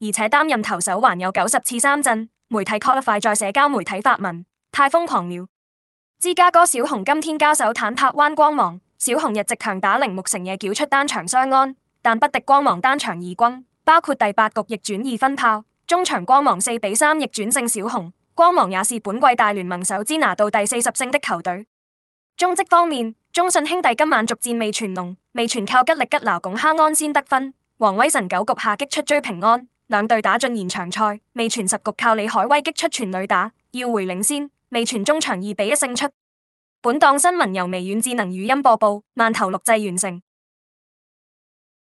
而且擔任投手還有九十次三振，媒體 call 得快，在社交媒體發文，太瘋狂了。芝加哥小熊今天交手坦帕灣光芒，小熊日直強打鈴木誠也繳出單場雙安，但不敵光芒單場二轟，包括第八局逆轉二分炮。終場光芒四比三逆轉勝小熊，光芒也是本季大聯盟首支拿到第四十勝的球隊。中職方面，中信兄弟今晚逐漸味全龍，味全靠吉力吉撈鞏冠安先得分，王威晨九局下擊出追平安。兩隊打進延長賽，未全十局靠李海威擊出全壘打，要回領先。未全中場二比一勝出。本檔新聞由微軟智能語音播報，饅頭錄製完成。